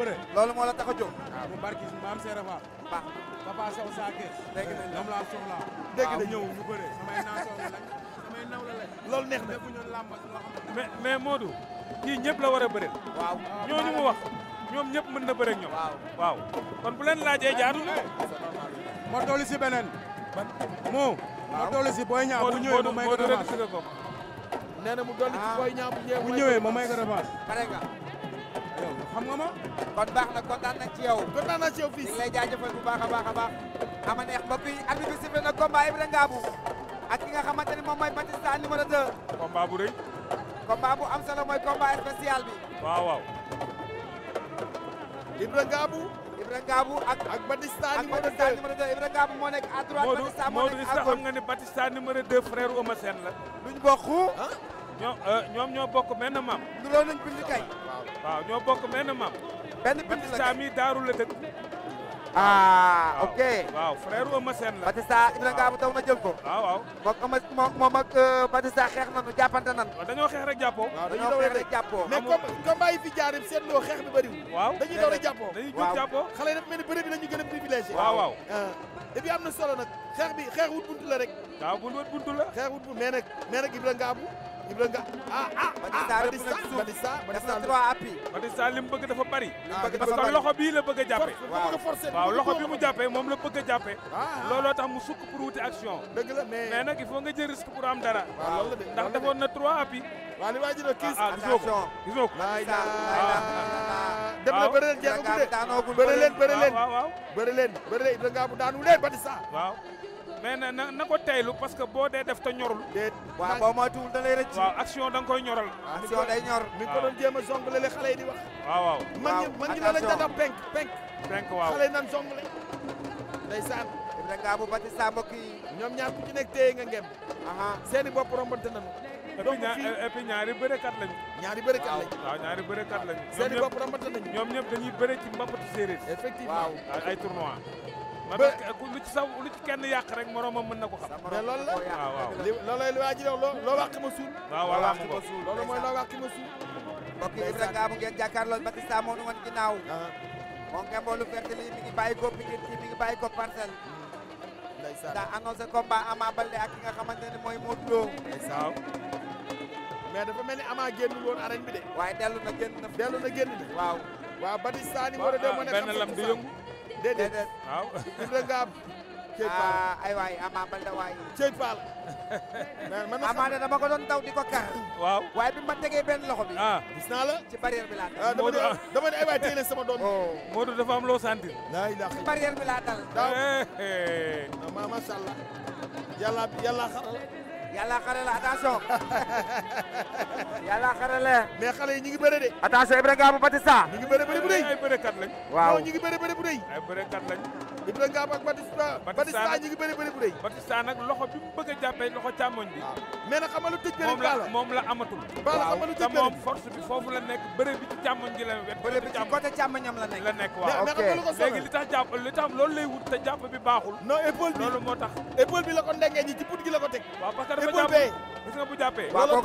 bëre loolu moo la tax a jóg mu ah, barki maam Seera Fall baax Papa Sow saa kees dégg nañ lam laa soxla dégg nañ ñëw ñu bëre samay naa soxla la samay naw la la loolu neex na defuñu làmb mais mais Modou kii ñëpp la war a bëre waaw ñooñu mu wax ñoom ñëpp mën na bëre ak ñoom waaw kon bu leen laajee jaadu na eh, ma dolli si beneen moo ma dolli si booy ñaa bu ñëwee ma may ko revanche nee na mu dolli si ah. booy ñaa bu ñëwee ma may ko revanche xam nga ma kon baax na kontaan nañ ci yow kontaan nañ ci yow fii ñu ngi lay jaajëfal bu baax a baax a baax ba fii arbitre bi na combat Ibra Ngabou ak ki nga xamante ne moom mooy Batista numéro 2 combat bu rëy combat bu am solo mooy combat spécial bi waaw waaw Ibra Ngabou ak ak Batista numéro 2 Ibra Ngabou moo nekk à droite Batista moo nekk à gauche xam nga ne Batista numéro 2 la duñ bokku ñoom euh, ñoom ñoo bokk benn maam nuroo nañ bind kay waaw ñoo bokk benn maam. benn Batista la mi daaru la dëkk. aa ah, ok. waaw frère Eumeu Sène la. Batista Ibrahima Gaabu taw na jël ko. waaw waaw. moom moom moom ak euh, Batista xeex nañu jàppante nañu. waaw dañoo xeex rek jàppoo. dañoo xeex rek jàppoo. mais comme combat yi fi jaar yëpp seetloo xeex bi bëriwul. waaw dañuy daw rek yi bi la ñu gën a waaw waaw. Euh, et puis am na solo nag. xeex bi xeex wut buntu la rek. waaw bu wut buntu bëgg dafa bari. parce ah, que loxo bii la bëgg a jàppe. waaw loxo bi mu jàppe moom la bëgg a jàppe. Ah, ah. looloo tax mu sukk pour wuti action. dëgg la mais mais nag il nga jël risque pour am dara. ndax defoon na trois appuis. waaw li dem na bëri leen jeexagul de daanogul bëri leen bëri leen waaw bëri leen bëri leen Ibra Ngabou daanu leen Batista waaw mais na na ko teylu parce que boo dee def te ñorul déet waaw boo moytuwul da lay rëcc waaw action da nga koy ñoral action day ñor mi ko doon jéem a songale le xale yi di wax man ñi man la lañ daan penk penk penk waaw xale yi nan songale ndeysaan Ibra Ngabou Batista mbokk yi ñoom ñaar ku ci nekk téye nga ngem aha donc fii et puis ñaari bërekat lañu. ñaari bërekat lañu. waaw ñaari bërekat lañu. seen i bopp rambat nañu. ñoom ñëpp dañuy bëre ci mbappatu séeréer. effectivement ay ko xam. mais loolu la waaw ma ma suul loolu mooy loo wàq ma suul. mbokk yi Ibra Ngabou ngeen jàkkaarloo Batista moo nu ko ah. Pikine mi ngi bàyyi ko Parcelles. Hmm. ndeysaan daa annoncé combat Ama mooy Modou Lo. mais dafa mel ni amaa génn woon arène bi de. waaye dellu na génn na dellu na génn de. waaw waaw Batista ni war a dem moo nekk am ah, benn lam du yëngu. déedéet waaw. Ibra Ngab. Cey Fall ah, ay waay Ama Baldé waay. Cey Fall. man Ama ne dama ko doon daw di ko kar. waaw waaye bi ma tegee benn loxo bi. ah gis naa la. ci barrière bi laa dal. Ah, dama ne sama doom. Oh. Modou dafa am loo sentir. laa ilaaha ci laa dal. daaw non eh, eh. ma macha allah. yàlla yàlla yàlla xare la attention yàlla xare la. mais xale yi ñu ngi bëre de. attention Ibrahima Batista. ñu ngi bëre bëre bu rëy ay bërekat waaw ñu ngi bëre bëre bu rëy. ay Ibra Ngam ak Batista. Batista ñi bu rëy. Batista loxo bi mu bëgg a loxo càmmoñ bi. Ah. mais nag xamalu tëj beneen baala moom la amatul. baala xamalu tëj beneen waaw te bi foofu la nekk bëre bi ci càmmoñ gi la wet. bëre bi ci côté càmmoñam la nekk. la nekk waaw ok léegi li tax jàpp li tax loolu lay wut te bi baaxul. non épaule bi loolu moo tax. épaule bi la ko ndengeñ ñi ci put gi la ko teg. bee waaw parce bu jàppee. waaw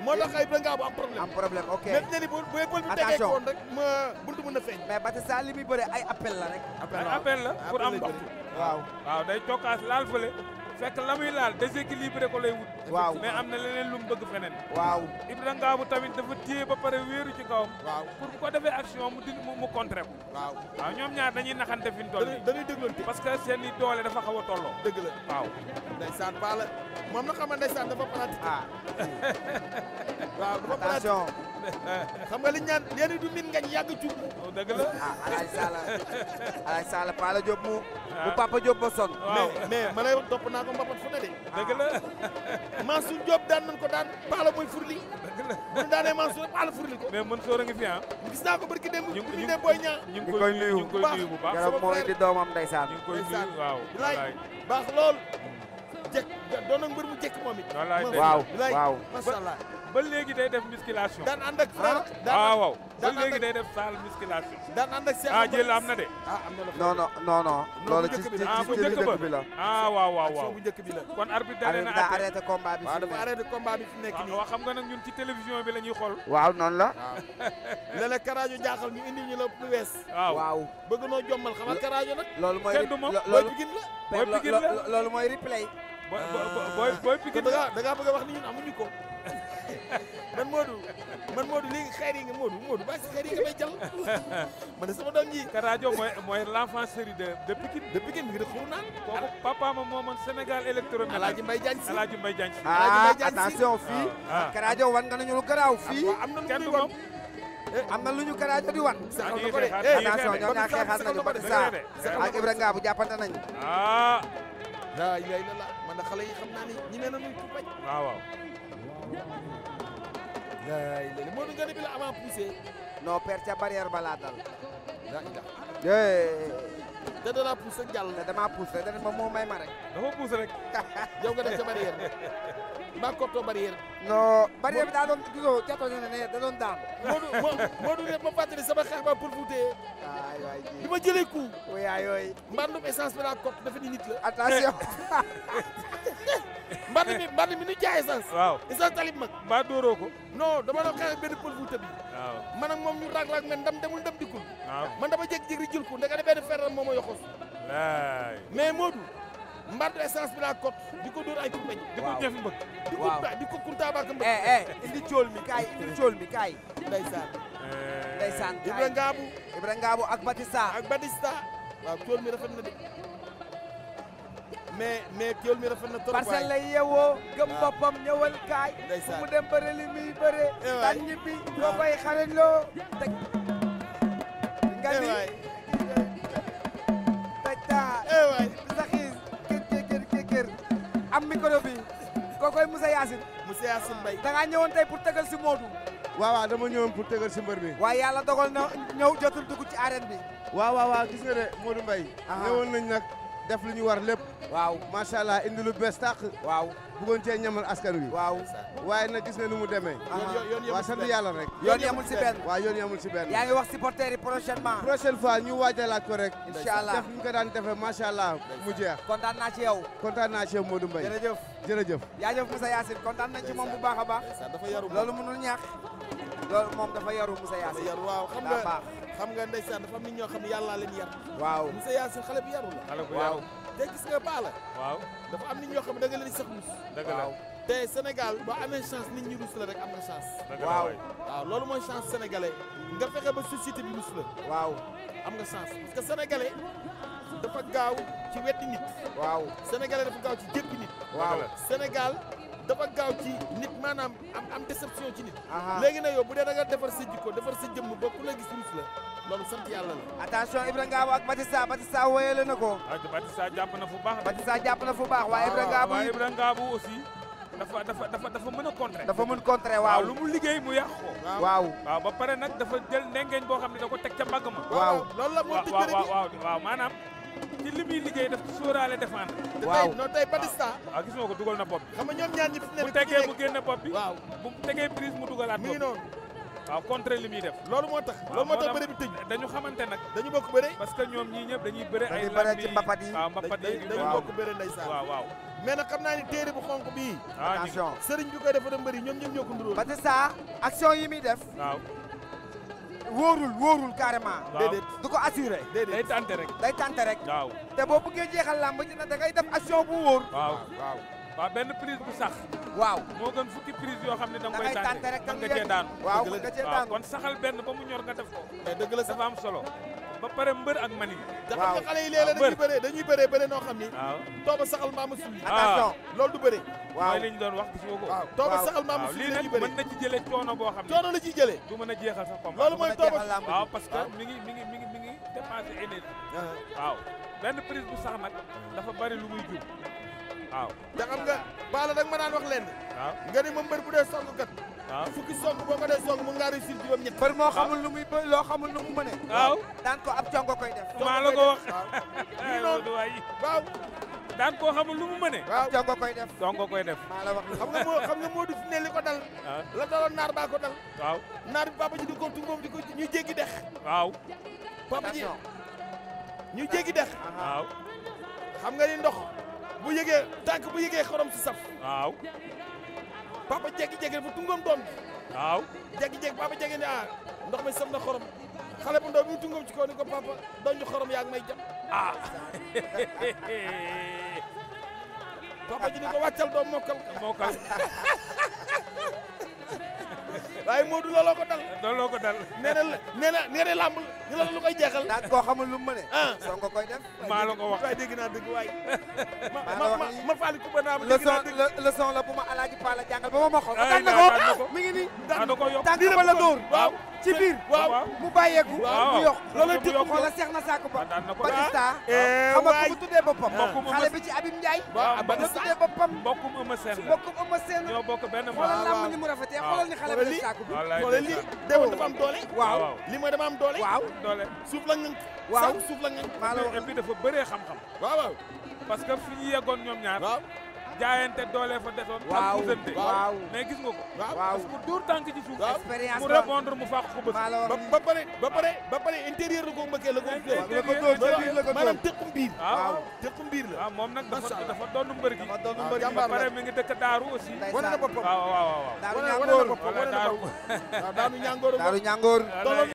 moo tax ay Blanc bu am problème. am problème ok mais ni bu bu épaule bi tegee koon rek ma buntu mën na feeñ. mais li muy bëre ay appel la rek. appel la pour am waaw waaw day cokkaas laal fële. fekk la muy laal déséquilibré ko lay wut. waaw mais am na leneen lu mu bëgg feneen. waaw Ibra Ngabou tamit dafa téye ba pare wéeru ci kawam. waaw pour bu ko defee action mu di mu contré ko. waaw waaw ñoom ñaar dañuy naxante fi ñu toll nii. dañuy déglante parce que seen i doole dafa xaw a tolloo. dëgg la waaw. ndeysaan paa la moom la xam ne ndeysaan dafa pratique. ah waaw dafa pratique. xam nga li ñu naan léegi du min ngañ yàgg ci. Oh, dëgg la ah alaaj Sala alaaj Sala Pala Diop mu. bu ah. Papa Diop ba sonn. ma lay topp naa ko ko mbapat fu ne de. Ah. dëgg la. Mansour daan nañ ko daan paala mooy furli. dëgg la bu ñu daanee Mansour paala furli ko. mais Mansour a ngi fi ah. gis naa ko barki dem ñu ngi ne Boy Niang. ñu ngi koy nuyu ñu ngi koy nuyu bu baax garab moo di doomam ndeysaan. ñu ngi baax lool. Mm. jekk doon na mbër mu jekk moom it. waaw waaw ba léegi day def musculation. daan ànd ak ah, Franc waaw waaw ba day def salle musculation. daan ànd ak Cheikh ah am na de. ah am na non non non non. loolu ci ci ci ah, dëkk bi la ah waaw waaw waaw bi la. kon arbitre dana na arrêté combat bi. waaw dafa arrêté combat nekk nii. waaw xam nga nag ñun ci télévision bi la ñuy xool. waaw noonu la. waaw léeg-léeg Karajo jaaxal ñu indi ñu la lu wees. waaw bëgg noo jommal xamal Karajo na loolu mooy kenn du moom mooy loolu mooy replay. booy booy Pikine la da ngaa a wax ni ñun amuñu ko man Modou man Modou léegi xeer yi nga Modou Modou bàyyi si xeer yi nga may jal man a sama doom ji Karajo mooy mooy l'enfant chéri de de Pikine kooku papa ma moo man Sénégal électroménager Alaaji Mbaye Diagne si Alaaji Mbaye Diagne si ah fii ah, ah. Karajo wan nga nañu lu garaaw ah, fii am na a moom eh, am na lu ñu Karajo di wan saxal na ko de attention ñoom ñaar xeexaat nañu Batista ak Ibrahima bu jàppante nañu laa ilaaha illallaah man da xale yi xam naa ne ñi nee na nuñ ko bañ waaw waaw laa ilaaha moo ca barrière ba laa dal da da laa poussé jàll. te damaa poussé da ma moo may ma rek. dafa poussé rek. yow nga def sa mbaa kortoo barrière non barrière bi daa doon gisoo catoo ne ne da doon daan Modou rek ma fàttali sama xeex ba pour fuutee waay waay bi ma jëlee coup waay yooyu mbandum essence bi laa kott dafa ni nit la attention mband mi mband mi nu jaay essence waaw essence talib mag mbaa dóoroo ko non dama doon xeex benn pël fuuta bi waaw man ak moom ñu raag-raag men ndam demul ndam dikkul man dama jékki-jékki jël ko ndekete benn ferram moo ma yoxos mais Modou mbar de essence bi laa kot di ko dóor ay kumpeñ di ko def mbëkk di ko di ko kuntaabaak mbëkk eh, eh, indi cool mi kaay indi cool mi kaay ndeysaan eh. ndeysaan Ibra Ngaabu Ibra Ngaabu ak Batista ak Batista waaw mi rafet na de mais mais cool mi rafet na trop parcelle lay yeewoo gëm ah. boppam ñëwal kaay fu mu dem bëre li muy bëre daan ñibbi boo koy loo teg nga ni koy Moussa Yacine Moussa Yacine Mbaye da ngaa ñëwoon tey pour tëgal si Modou waaw waaw dama ñëwoon pour tëgal si mbër bi waaye yàlla dogal na ñëw jotul dugg ci bi waaw waaw waaw de Modou Mbaye ñëwoon nañ nag def lu ñu war lépp. waaw macha allah indi lu bees tàq. waaw bëggoon cee ñamal askan wi. waaw waaye nag gis nga nu mu demee. waaw sant yàlla rek. yoon yamul si benn waaw yoon yamul si benn. yaa ngi wax supporter yi prochainement. prochaine fois ñu waajalaat ko rek. incha allah def ñu ko daan defee macha allah mu jeex. kontaan naa ci yow. kontaan naa ci yow Modou Mbaye. jërëjëf jërëjëf. jaajëf Moussa kontaan nañ ci moom bu baax a baax. loolu mënul ñaax. loolu moom dafa yaru Moussa Yacine. dafa yaru waaw xam nga xam nga ndeysaan dafa am nit ñoo xam ne yàllaa leen yar waaw monsieur Yacine xale bu yaru la xale te gis nga baa la waaw dafa am nit ñoo xam ne da nga leen sax mus dëgg la te Sénégal boo amee chance nit ñi rus la rek am na chance waaw mooy chance sénégalais nga fexe ba société bi rus la waaw am nga chance parce que sénégalais dafa gaaw ci wetti nit waaw sénégalais dafa gaaw ci jéppi nit waaw Sénégal dafa gaaw ci nit maanaam am am déception ci nit. léegi na yow bu dee da nga defar sa ko defar sa jëmm bokk la gis ruus la loolu sant yàlla la. attention Ibra ak Batista Batista wéyale na ko. ak Batista jàpp na fu baax. Batista jàpp na fu baax waaye ah, Ibra Ngabou. waaye Ibra Ngabou aussi dafa dafa dafa dafa mën a contrer. dafa mën contrer waaw lu mu liggéey mu yàq waaw waaw ba pare nag dafa jël ndengeñ boo xam ne da ko teg ca mbagg ma. waaw loolu la moo tëj waaw waaw waaw maanaam. ci li muy liggéey sóoraale défendre. waaw tey non tey Batista. waaw ah, gis ko dugal na bopp bi. ñoom ñaar ñi fi ne bu tegee mu génne bopp bi. waaw tegee prise mu dugalaat bopp bi mi ngi noonu. def. loolu moo tax loolu moo tax bëri bi tëj. dañu xamante nag. dañu bokk bëre. parce ñoom ñii ñëpp bëre. ay lam ah, yi dañu bokk bëre ndeysaan waaw waaw. mais nag xam naa ni téere bu xonk bii. Ah, attention sëriñ bi koy dafa dem bëri ñoom ñoom ñoo ko nduróo. Batista action wóorul wóorul carrément. déedéet du ko assuré. déedéet day tante rek. day tante rek. waaw te boo bëggee jeexal làmb ji na da ngay def action bu wóor. waaw waaw waaw benn prise bu sax. waaw moo gën fukki prise yoo xam ne da nga koy tante rek da nga cee daanu. waaw kon saxal benn ba mu ñor nga def ko. dëgg la dafa am solo. ba pare mbër ak mani. waaw waaw nga xale yi léeg-léeg dañuy bëree dañuy bëree bëri noo xam ni. tooba saxal maamu suñu. Ah. attention loolu bëri. waaw mooy doon wax gis nga ko. waaw tooba saxal maamu mën na ci coono boo xam ne. coono la ciy du mën a jeexal sa combat. loolu mooy tooba waaw parce que mi ngi mi ngi mi ngi mi ngi dépassé énergie. Uh-huh. waaw benn prise bu sax nag dafa bari lu muy jub waaw. te xam nga Balla nag ma naan wax lenn. waaw nga ni ma mbër bu dee songukat waaw fukki song boo ko dee song mën ngaa réussir ñett par moo xamul nu muy loo xamul nu mu mënee waaw daan ko ab congo koo xamul lu mu mënee waaw congo koy def congo koy def xam nga moo xam nga ko dal la daloon naar baa ko dal waaw naar bi papa ji di ko tungoom di ko ñu jéggi dex waaw papa ñu jéggi dex waaw xam nga ni ndox bu yëgee tànk bu yëgee xorom si papa jékki-jékki dafa tungoom doom bi waaw jékki-jékki papa jékki ne aa ah, ndox mi sëb na xorom xale bu ndaw bi mu ci kaw ni ko papa doon xorom yaa may jam ah papa ni ko wàccal doom mokkal mokkal waaye Modou looloo ko dal. looloo ko dal. nee na nee na nee la lu koy jeexal. daan koo xamul lu mu ah. ko koy def. maa la ko wax waaye dégg naa dëgg waaye. maa la wax nii ma ma ma Fally Coupa naa ma dégg naa dëgg. leçon la bu ma alaaji Pala jàngal ba ma ma xool. daan na ko mi ngi nii. daan na ko yokk la dóor ci biir waaw mu bàyyeeku mu yokk loolu ti xoola seex ah, na saako ba Batista eh, eh, xam nga ku mu tuddee boppam xale bi ci abin Ndiaye ba mu tuddee boppam mbokkum Eumeu Sène la mbokkum Eumeu Sène la ñoo bokk benn ma xoolal làmb ni mu rafetee xoolal ni xale bi def saako bi li déw dafa am doole waaw li mooy dama am doole suuf la ngang waaw suuf la ngang maa la wax et puis dafa bëree xam-xam waaw waaw parce que fi ñu yeggoon ñoom ñaar jaayante doole fa desoon. waaw waaw mais gis nga ko. waaw parce que duur tànk ci suuf. expérience mu répondre mu fàq ko bës. ba pare ba pare ba pare intérieur la ko mbëkkee la ko. intérieur la ko maanaam tëqum biir. Ah. waaw tëqum biir la. waaw ah, moom nag dafa dafa doon mbër gi. dafa doon ah, mbër gi ba pare mi ngi dëkk Daaru aussi. wane na boppam Daaru Ñangoor. Daaru Ñangoor.